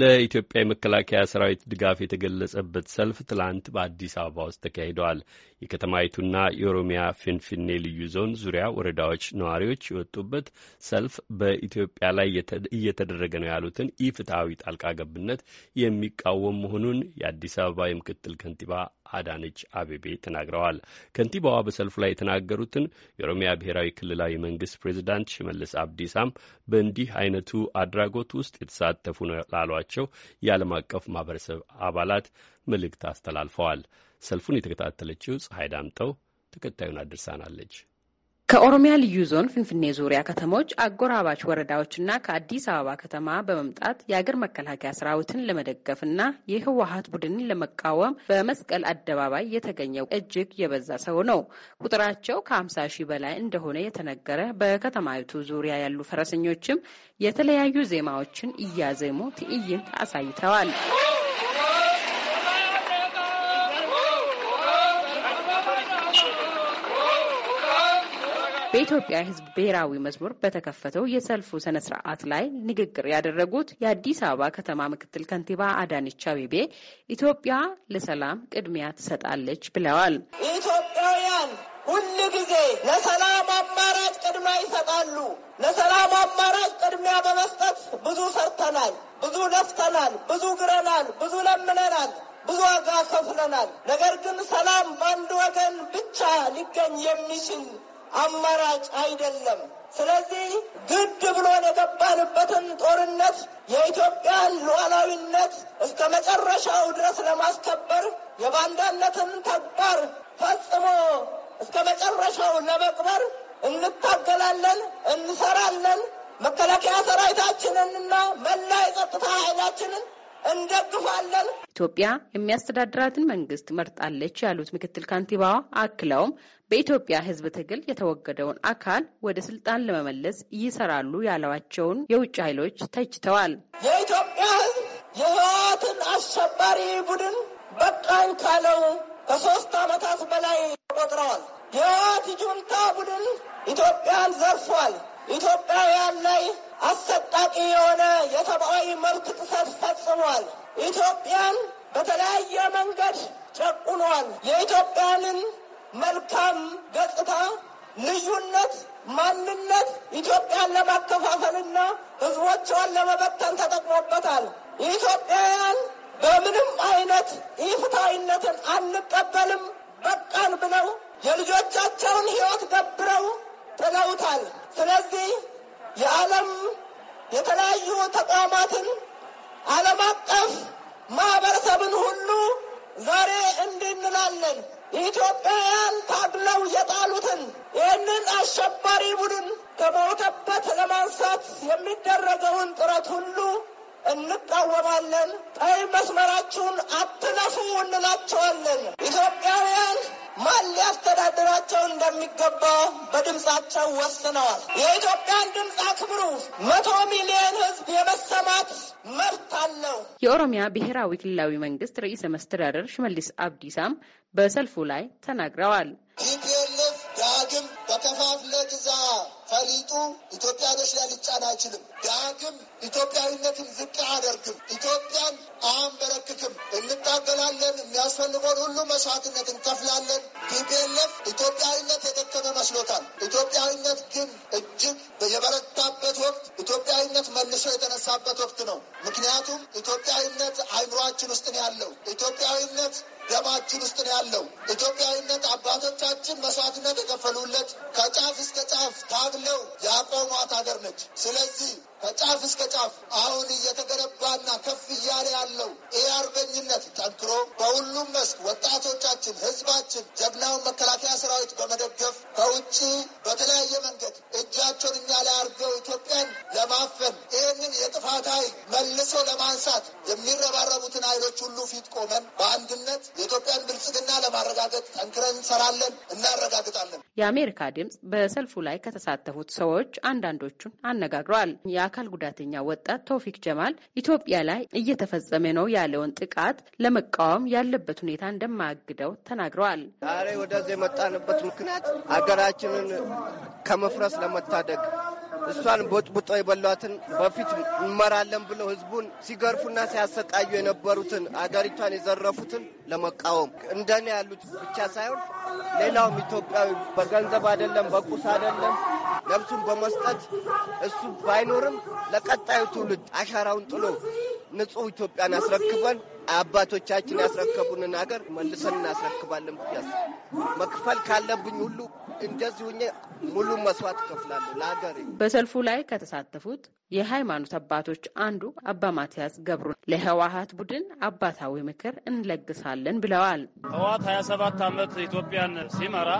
ለኢትዮጵያ የመከላከያ ሰራዊት ድጋፍ የተገለጸበት ሰልፍ ትላንት በአዲስ አበባ ውስጥ ተካሂደዋል። የከተማይቱና የኦሮሚያ ፊንፊኔ ልዩ ዞን ዙሪያ ወረዳዎች ነዋሪዎች የወጡበት ሰልፍ በኢትዮጵያ ላይ እየተደረገ ነው ያሉትን ኢፍትሐዊ ጣልቃ ገብነት የሚቃወም መሆኑን የአዲስ አበባ የምክትል ከንቲባ አዳነች አቤቤ ተናግረዋል። ከንቲባዋ በሰልፉ ላይ የተናገሩትን የኦሮሚያ ብሔራዊ ክልላዊ መንግስት ፕሬዚዳንት ሽመልስ አብዲሳም በእንዲህ አይነቱ አድራጎት ውስጥ የተሳተፉ ነው ላሏቸው የዓለም አቀፍ ማህበረሰብ አባላት መልእክት አስተላልፈዋል። ሰልፉን የተከታተለችው ፀሐይ ዳምጠው ተከታዩን አድርሳናለች። ከኦሮሚያ ልዩ ዞን ፍንፍኔ ዙሪያ ከተሞች አጎራባች ወረዳዎችና ከአዲስ አበባ ከተማ በመምጣት የአገር መከላከያ ሰራዊትን ለመደገፍና የህወሀት ቡድንን ለመቃወም በመስቀል አደባባይ የተገኘው እጅግ የበዛ ሰው ነው። ቁጥራቸው ከ50 ሺህ በላይ እንደሆነ የተነገረ በከተማይቱ ዙሪያ ያሉ ፈረሰኞችም የተለያዩ ዜማዎችን እያዜሙ ትዕይንት አሳይተዋል። በኢትዮጵያ ሕዝብ ብሔራዊ መዝሙር በተከፈተው የሰልፉ ስነ ስርዓት ላይ ንግግር ያደረጉት የአዲስ አበባ ከተማ ምክትል ከንቲባ አዳነች አቤቤ ኢትዮጵያ ለሰላም ቅድሚያ ትሰጣለች ብለዋል። ኢትዮጵያውያን ሁል ጊዜ ለሰላም አማራጭ ቅድሚያ ይሰጣሉ። ለሰላም አማራጭ ቅድሚያ በመስጠት ብዙ ሰርተናል፣ ብዙ ለፍተናል፣ ብዙ ግረናል፣ ብዙ ለምነናል ብዙ ዋጋ ከፍለናል። ነገር ግን ሰላም በአንድ ወገን ብቻ ሊገኝ የሚችል አማራጭ አይደለም። ስለዚህ ግድ ብሎን የገባንበትን ጦርነት የኢትዮጵያን ሉዓላዊነት እስከ መጨረሻው ድረስ ለማስከበር የባንዳነትን ተግባር ፈጽሞ እስከ መጨረሻው ለመቅበር እንታገላለን፣ እንሰራለን። መከላከያ ሰራዊታችንንና መላ የጸጥታ ኃይላችንን እንደግፋለን። ኢትዮጵያ የሚያስተዳድራትን መንግስት መርጣለች ያሉት ምክትል ካንቲባዋ አክለውም በኢትዮጵያ ሕዝብ ትግል የተወገደውን አካል ወደ ስልጣን ለመመለስ ይሰራሉ ያለዋቸውን የውጭ ኃይሎች ተችተዋል። የኢትዮጵያ ሕዝብ የህወሓትን አሸባሪ ቡድን በቃኝ ካለው ከሶስት ዓመታት በላይ ቆጥረዋል። የህወሓት ጁንታ ቡድን ኢትዮጵያን ዘርፏል። ኢትዮጵያውያን ላይ አሰጣቂ የሆነ መልክ ጥሰት ፈጽሟል። ኢትዮጵያን በተለያየ መንገድ ጨቁኗል። የኢትዮጵያንን መልካም ገጽታ፣ ልዩነት፣ ማንነት ኢትዮጵያን ለማከፋፈልና ህዝቦቿን ለመበተን ተጠቅሞበታል። ኢትዮጵያውያን በምንም አይነት ኢፍትሐዊነትን አንቀበልም በቃን ብለው የልጆቻቸውን ህይወት ገብረው ጥለውታል። ስለዚህ የዓለም የተለያዩ ተቋማትን ዓለም አቀፍ ማህበረሰብን ሁሉ ዛሬ እንዲህ እንላለን። ኢትዮጵያውያን ታግለው የጣሉትን ይህንን አሸባሪ ቡድን ከሞተበት ለማንሳት የሚደረገውን ጥረት ሁሉ እንቃወማለን። ቀይ መስመራችሁን አትለፉ እንላቸዋለን። ሊያስተዳድራቸው እንደሚገባ በድምፃቸው ወስነዋል። የኢትዮጵያን ድምፅ አክብሩ። መቶ ሚሊዮን ህዝብ የመሰማት መብት አለው። የኦሮሚያ ብሔራዊ ክልላዊ መንግስት ርዕሰ መስተዳደር ሽመልስ አብዲሳም በሰልፉ ላይ ተናግረዋል። ዳግም በከፋፍለ ግዛ ፈሊጡ ኢትዮጵያኖች ላይ ሊጫን አይችልም። ዳግም ኢትዮጵያዊነትን ዝቅ አያደርግም። ኢትዮጵያን አንበረክክም። እንታገላለን። የሚያስፈልገውን ሁሉ መስዋዕትነት እንከፍላለን። ቲፒኤልኤፍ ኢትዮጵያዊነት የደከመ መስሎታል። ኢትዮጵያዊነት ግን እጅግ የበረታበት ወቅት ኢትዮጵያዊነት መልሶ የተነሳበት ወቅት ነው። ምክንያቱም ኢትዮጵያዊነት አይምሯችን ውስጥ ነው ያለው። ኢትዮጵያዊነት ደማችን ውስጥ ነው ያለው። ኢትዮጵያዊነት አባቶቻችን መስዋዕትነት የከፈሉለት ከጫፍ እስከ ጫፍ ታግ ተብለው ያቆሟት ሀገር ነች። ስለዚህ ከጫፍ እስከ ጫፍ አሁን እየተገነባና ከፍ እያለ ያለው ይህ አርበኝነት ጠንክሮ በሁሉም መስክ ወጣቶቻችን፣ ህዝባችን ጀግናውን መከላከያ ሰራዊት በመደገፍ ከውጭ በተለያየ መንገድ እጃቸውን እኛ ላይ አርገው ኢትዮጵያን ለማፈን ይህንን የጥፋት ኃይል ያሉትን ኃይሎች ሁሉ ፊት ቆመን በአንድነት የኢትዮጵያን ብልጽግና ለማረጋገጥ ጠንክረን እንሰራለን፣ እናረጋግጣለን። የአሜሪካ ድምጽ በሰልፉ ላይ ከተሳተፉት ሰዎች አንዳንዶቹን አነጋግረዋል። የአካል ጉዳተኛ ወጣት ቶፊክ ጀማል ኢትዮጵያ ላይ እየተፈጸመ ነው ያለውን ጥቃት ለመቃወም ያለበት ሁኔታ እንደማያግደው ተናግረዋል። ዛሬ ወደዚህ የመጣንበት ምክንያት ሀገራችንን ከመፍረስ ለመታደግ እሷን ቦጭቡጠው የበሏትን በፊት እንመራለን ብለው ህዝቡን ሲገርፉና ሲያሰቃዩ የነበሩትን አገሪቷን የዘረፉትን ለመቃወም እንደኔ ያሉት ብቻ ሳይሆን ሌላውም ኢትዮጵያዊ በገንዘብ አይደለም፣ በቁስ አይደለም ነፍሱን በመስጠት እሱ ባይኖርም ለቀጣዩ ትውልድ አሻራውን ጥሎ ንጹህ ኢትዮጵያን አስረክበን አባቶቻችን ያስረከቡንን ሀገር መልሰን እናስረክባለን ብያስ መክፈል ካለብኝ ሁሉ እንደዚሁ ሙሉ መስዋዕት እከፍላለሁ ለሀገር። በሰልፉ ላይ ከተሳተፉት የሃይማኖት አባቶች አንዱ አባ ማትያስ ገብሩ ለህወሀት ቡድን አባታዊ ምክር እንለግሳለን ብለዋል። ህወሀት ሀያ ሰባት ዓመት ኢትዮጵያን ሲመራ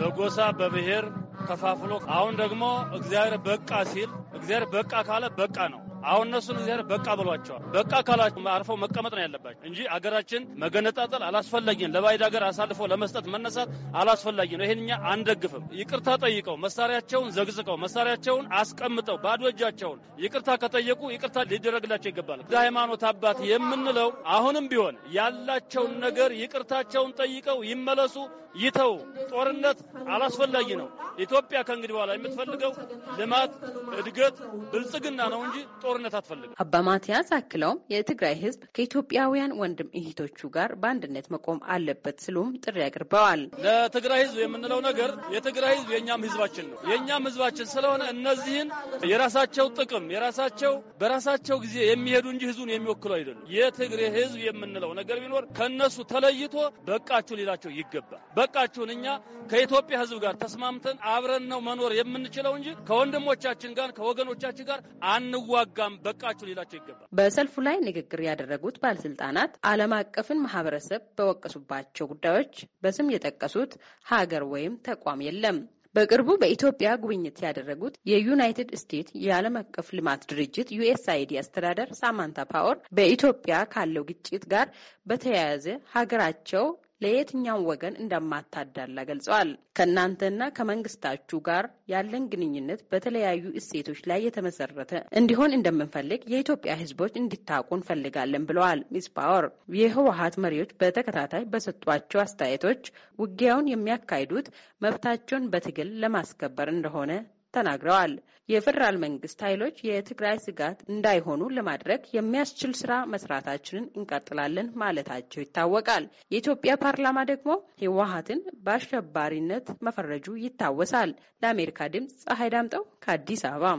በጎሳ በብሔር ከፋፍሎ አሁን ደግሞ እግዚአብሔር በቃ ሲል እግዚአብሔር በቃ ካለ በቃ ነው አሁን እነሱን እዚህ በቃ ብሏቸዋል። በቃ ካላቸው አርፈው መቀመጥ ነው ያለባቸው እንጂ አገራችን መገነጣጠል አላስፈላጊን ለባዕድ ሀገር አሳልፎ ለመስጠት መነሳት አላስፈላጊ ነው። ይህን እኛ አንደግፍም። ይቅርታ ጠይቀው መሳሪያቸውን ዘግዝቀው መሳሪያቸውን አስቀምጠው ባዶ እጃቸውን ይቅርታ ከጠየቁ ይቅርታ ሊደረግላቸው ይገባል። እንደ ሃይማኖት አባት የምንለው አሁንም ቢሆን ያላቸውን ነገር ይቅርታቸውን ጠይቀው ይመለሱ፣ ይተው። ጦርነት አላስፈላጊ ነው። ኢትዮጵያ ከእንግዲህ በኋላ የምትፈልገው ልማት፣ እድገት፣ ብልጽግና ነው እንጂ ጦር ጦርነት አትፈልግም። አባ ማትያስ አክለውም የትግራይ ህዝብ ከኢትዮጵያውያን ወንድም እህቶቹ ጋር በአንድነት መቆም አለበት ስሉም ጥሪ አቅርበዋል። ለትግራይ ህዝብ የምንለው ነገር የትግራይ ህዝብ የእኛም ህዝባችን ነው። የእኛም ህዝባችን ስለሆነ እነዚህን የራሳቸው ጥቅም የራሳቸው በራሳቸው ጊዜ የሚሄዱ እንጂ ህዝቡን የሚወክሉ አይደሉም። የትግሬ ህዝብ የምንለው ነገር ቢኖር ከእነሱ ተለይቶ በቃችሁ ሌላቸው ይገባል። በቃችሁን እኛ ከኢትዮጵያ ህዝብ ጋር ተስማምተን አብረን ነው መኖር የምንችለው እንጂ ከወንድሞቻችን ጋር ከወገኖቻችን ጋር አንዋጋ ለመቃወም በቃችሁ ሌላቸው ይገባል። በሰልፉ ላይ ንግግር ያደረጉት ባለስልጣናት ዓለም አቀፍን ማህበረሰብ በወቀሱባቸው ጉዳዮች በስም የጠቀሱት ሀገር ወይም ተቋም የለም። በቅርቡ በኢትዮጵያ ጉብኝት ያደረጉት የዩናይትድ ስቴትስ የዓለም አቀፍ ልማት ድርጅት ዩኤስአይዲ አስተዳደር ሳማንታ ፓወር በኢትዮጵያ ካለው ግጭት ጋር በተያያዘ ሀገራቸው ለየትኛው ወገን እንደማታዳላ ገልጸዋል። ከእናንተና ከመንግስታችሁ ጋር ያለን ግንኙነት በተለያዩ እሴቶች ላይ የተመሰረተ እንዲሆን እንደምንፈልግ የኢትዮጵያ ሕዝቦች እንዲታቁ እንፈልጋለን ብለዋል። ሚስ ፓወር የህወሀት መሪዎች በተከታታይ በሰጧቸው አስተያየቶች ውጊያውን የሚያካሂዱት መብታቸውን በትግል ለማስከበር እንደሆነ ተናግረዋል። የፌዴራል መንግስት ኃይሎች የትግራይ ስጋት እንዳይሆኑ ለማድረግ የሚያስችል ስራ መስራታችንን እንቀጥላለን ማለታቸው ይታወቃል። የኢትዮጵያ ፓርላማ ደግሞ ህወሀትን በአሸባሪነት መፈረጁ ይታወሳል። ለአሜሪካ ድምፅ ፀሐይ ዳምጠው ከአዲስ አበባ